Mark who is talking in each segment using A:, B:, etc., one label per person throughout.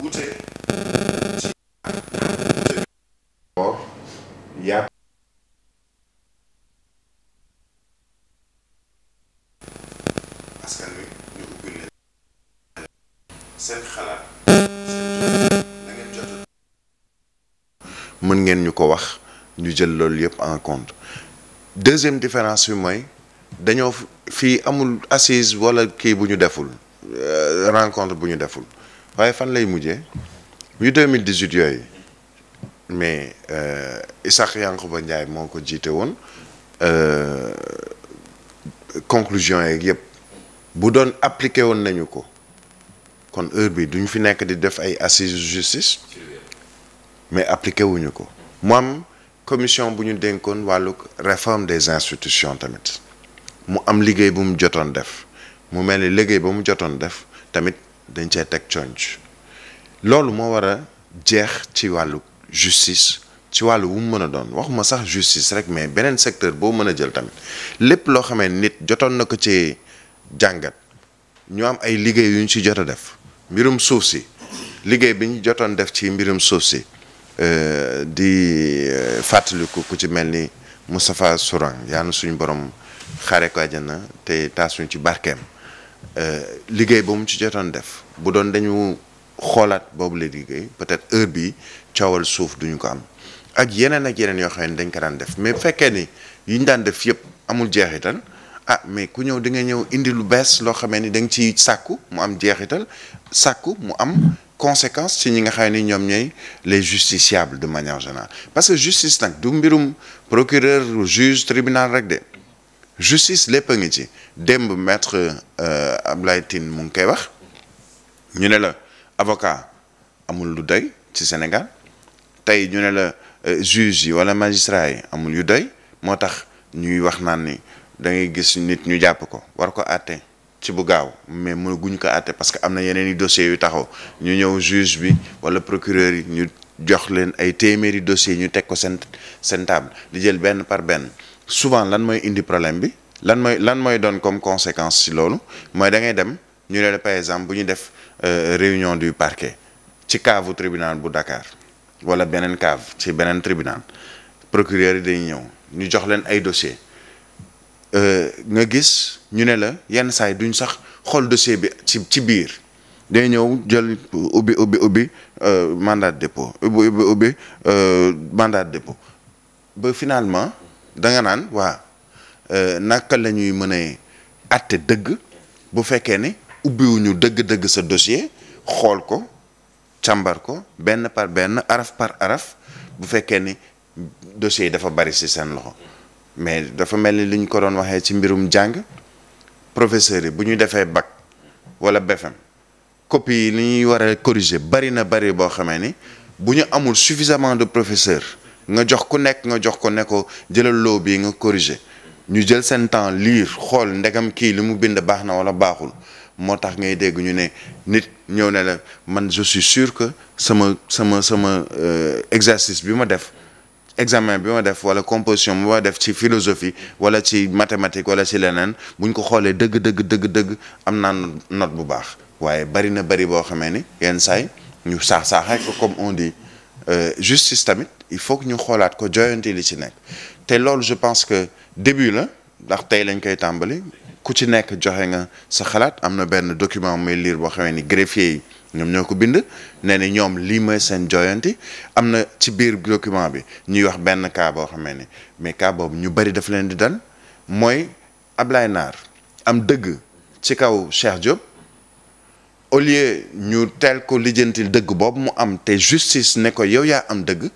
A: wute ci mën ngeen ñu ko wax ñu jël loolu yëpp en deuxième différence bi mooy dañoo fii amul assise walla kii bu ñu deful euh, rencontre bu ñu deful waaye fan lay mujjee yu 2018 yooyu mais euh, Isaac Yankuba Ndiaye moo ko jiite woon euh, conclusion yeeg yëpp bu doon appliqué woon nañu ko kon heure bi duñu fi nekk di def ay assises justice mais appliqué wuñu ko mu am commission bu ñu dénkoon wàllu réforme des institutions tamit mu am liggéey bu mu jotoon def mu mel ni liggéey ba mu jotoon def tamit dañ cee teg conc loolu moo war a jeex ci wàllu justice ci wàllu wu mu mën a doon waxuma sax justice rek mais beneen secteur boo mën a jël tamit lépp loo xamee nit jotoon na ko ci jàngat ñu am ay liggéey yu ñu ci jot a def mbirum suuf si liggéey bi ñu jotoon def ci mbirum suuf si euh, di euh, fàttaliku ku ci mel ni Moustapha Sourang yaa na suñu borom xare ko àjjana te taasuñ ci barkeem euh, liggéey ba mu ci jotoon def bu doon dañu xoolaat boobu la liggéey peut-être heure bi coowal suuf duñu ko am ak yeneen ak yeneen yoo xam ne dañ ko daan def mais bu fekkee ni yi ñu daan def yëpp amul jeexital ah mais ku ñëw da nga ñëw indi lu bees loo xamee ni da nga ciy sàkku mu am jeexital sàkku mu am conséquence ci ñi nga xam ni ñoom ñooy les justiciables de manière générale parce que justice nag du mbirum procureur juge tribunal rek de justice lépp a ngi ci démb maître euh, Abdoulaye Tine mu ngi koy wax ñu ne la avocat amul lu doy ci Sénégal tey ñu ne la euh, juge yi wala magistrat yi amul yu doy moo tax ñuy wax naan ni da ngay gis nit ñu jàpp ko war ko atte ci bu gaaw mais mënu guñ ko àtte parce que am na yeneen i dossiers yu taxaw ñu ñëw juge bi wala procureur yi ñu jox leen ay téeméeri dossiers ñu teg ko seen seen table di jël benn par benn souvent lan mooy indi problème bi lan mooy lan mooy doon comme conséquence ci loolu mooy da ngay dem. ñu ne la par exemple bu ñu def euh, réunion du parquet ci caavu tribunal bu Dakar wala beneen cave ci beneen tribunal procureur yi dañuy ñëw ñu jox leen ay dossier euh, nga gis ñu ne la yenn saay duñ sax xool dossier bi ci ci biir day ñëw jël ubbi ubbi ubbi euh, mandat de ubbi ubbi ubbi mandat de ba finalement da nga naan waa naka la ñuy mën a àtte dëgg bu fekkee ni ubbiwuñu dëgg-dëgg sa dossier xool ko càmbar ko benn par benn araf par araf bu fekkee ni dossier yi dafa bari si seen loxo mais dafa mel ni li ko doon waxee ci mbirum jàng professeurs yi bu ñu defee bag wala BFEM copie yi li ñuy war a corriger bari na bari boo xamee ni bu ñu amul suffisamment de professeur nga jox ku nekk nga jox ko ne ko jëlal loo bii nga corriger ñu jël seen temps liir xool ndegam kii li mu bind baax na wala baaxul moo tax ngay dégg ñu ne nit ñëw ne la man je suis que sama sama sama euh, exercice bi ma def examen bi ma def wala composition bi ma def ci philosophie wala ci mathématique wala ci leneen buñ ko xoolee dëgg dëgg dëgg am naa note bu baax waaye bari na bari boo xamee ni yenn saay ñu saax saaxee ko comme on dit euh, justice tamit il faut que ñu xoolaat ko joyante li ci nekk te loolu je pense que début la ndax tey lañ koy tàmbali ku ci nekk joxe nga sa xalaat am na benn document muy liir boo xamee ni greffier yi ñoom ñoo ko bind nee ni ñoom lii mooy seen joyanti am na ci biir document bi ñuy wax benn cas boo xamee ni mais kaaboo boobu ñu bari dafa leen di dal mooy Ablaye Naar am dëgg ci kaw Cheikh Diop au lieu ñu teel ko lijjanti dëgg boobu mu am te justice ne ko yow yaa am dëgg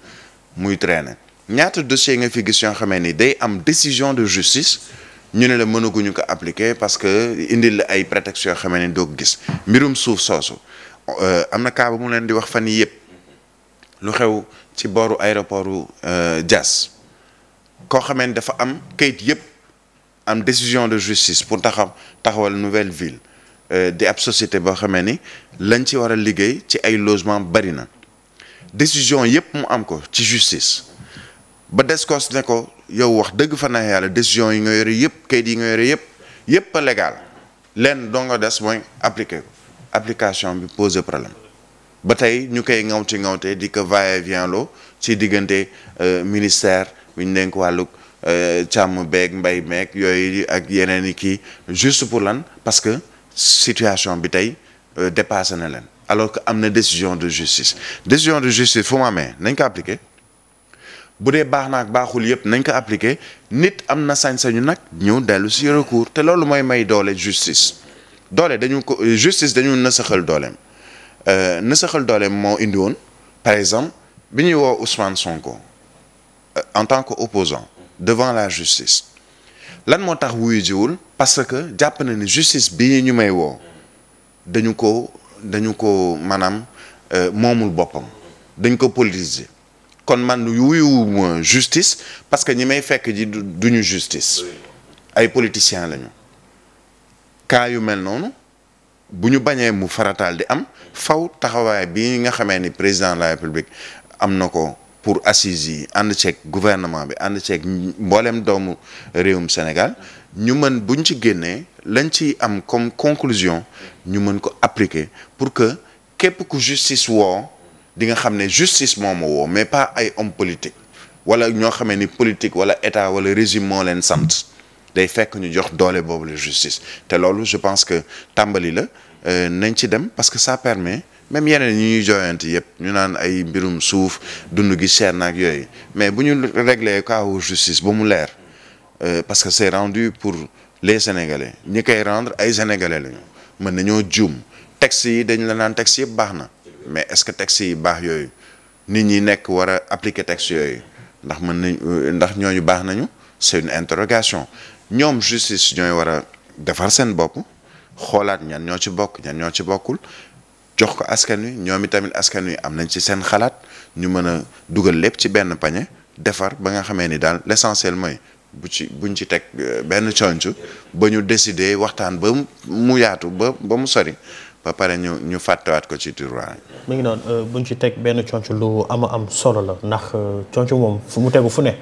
A: muy traîner ñaata dossier nga fi gis yoo xamee ni day am décision de justice ñu ne la mënaguñu ko appliquer parce que indil la ay prétextes yoo xamee ne doo ko gis mbirum suuf soosu euh, am na cas bu mu leen di wax fan yii yëpp lu xew ci booru aéroport euh, Diass koo xamee ne dafa am kayit yëpp am décision de justice pour taxaw taxawal nouvelle ville euh, di ab société boo xamee ni lañ ci war a liggéey ci ay logement bari na décision yëpp mu am ko ci justice ba descos ne ko yow wax dëgg fa na yàlla décision yi nga yore yëpp kay di nga yore yëpp yëpp a légal lenn doo nga des mooy appliqué ko application bi pose problème ba tey ñu koy ngaw ŋawti ŋawte di ko va et ci diggante euh, ministère bi ñu denk wàllug euh, càmm beeg mbay meeg yooyu ak yeneen i kii juste pour lan parce que situation bi tey euh, dépassé na leen alors que am na décision de justice décision de justice fu mu amee nañ ko appliqué bu dee baax naak baaxul yëpp nañ ko appliquer nit am na sañ-sañu nag ñëw dellu si recours te loolu mooy may doole justice doole dañu ko justice dañu nësaxal dooleem euh, nësaxal dooleem moo indi woon par exemple bi ñuy woo Ousmane Sonko euh, en tant que opposant devant la justice lan moo tax wuyu jiwul parce que jàpp na ni justice bi ñu may woo dañu ko dañu ko maanaam euh, moomul boppam dañ ko politiser kon man wuyuwuma justice parce que ñi may fekk ji duñu justice ay politiciens lañu cas yu mel noonu bu ñu bañee mu farataal di am faw taxawaay bi nga xamee ni président la république am na ko pour assises yi ànd gouvernement bi ànd ceeg mbooleem doomu réewum Sénégal ñu mën buñ ci génnee lañ ci am comme conclusion ñu mën ko appliquer pour que képp ku justice woo di nga xam ne justice moo ma woo mais pas ay homme politique wala ñoo xamee ni politique wala état wala régime moo leen sant day fekk ñu jox doole boobu la justice te loolu je pense que tàmbali la euh, nañ ci dem parce que sa permet même yeneen ñu ñuy jooyante yëpp ñu naan ay mbirum suuf dund gi cher nag yooyu mais bu ñu régler kaawu justice ba mu leer euh, parce que c'est rendu pour les sénégalais ñi koy rendre ay sénégalais lañu mën nañoo juum texte yi dañ la naan texte yëpp baax na. mais est-ce que texte yi baax yooyu nit ñi nekk war a appliquer texte yooyu ndax mën nañ euh, ndax ñooñu baax nañu seen une ñoom justice ñooy war a defar seen bopp xoolaat ñan ñoo ci bokk ñan ñoo ci bokkul jox ko askan wi ñoom tamit askan wi am nañ ci seen xalaat ñu mën a dugal lépp ci benn pañe defar ba nga xamee ni daal l'essentiel mooy bu ci buñ ci teg euh, benn conc ba ñu décider waxtaan ba mu yaatu ba ba mu sori ba pare ñu ñu fàttewaat ko ci tiroir mi ngi noonu euh, buñ ci teg benn conc lu ama am solo la ndax euh, conc moom fu mu tegu fu ne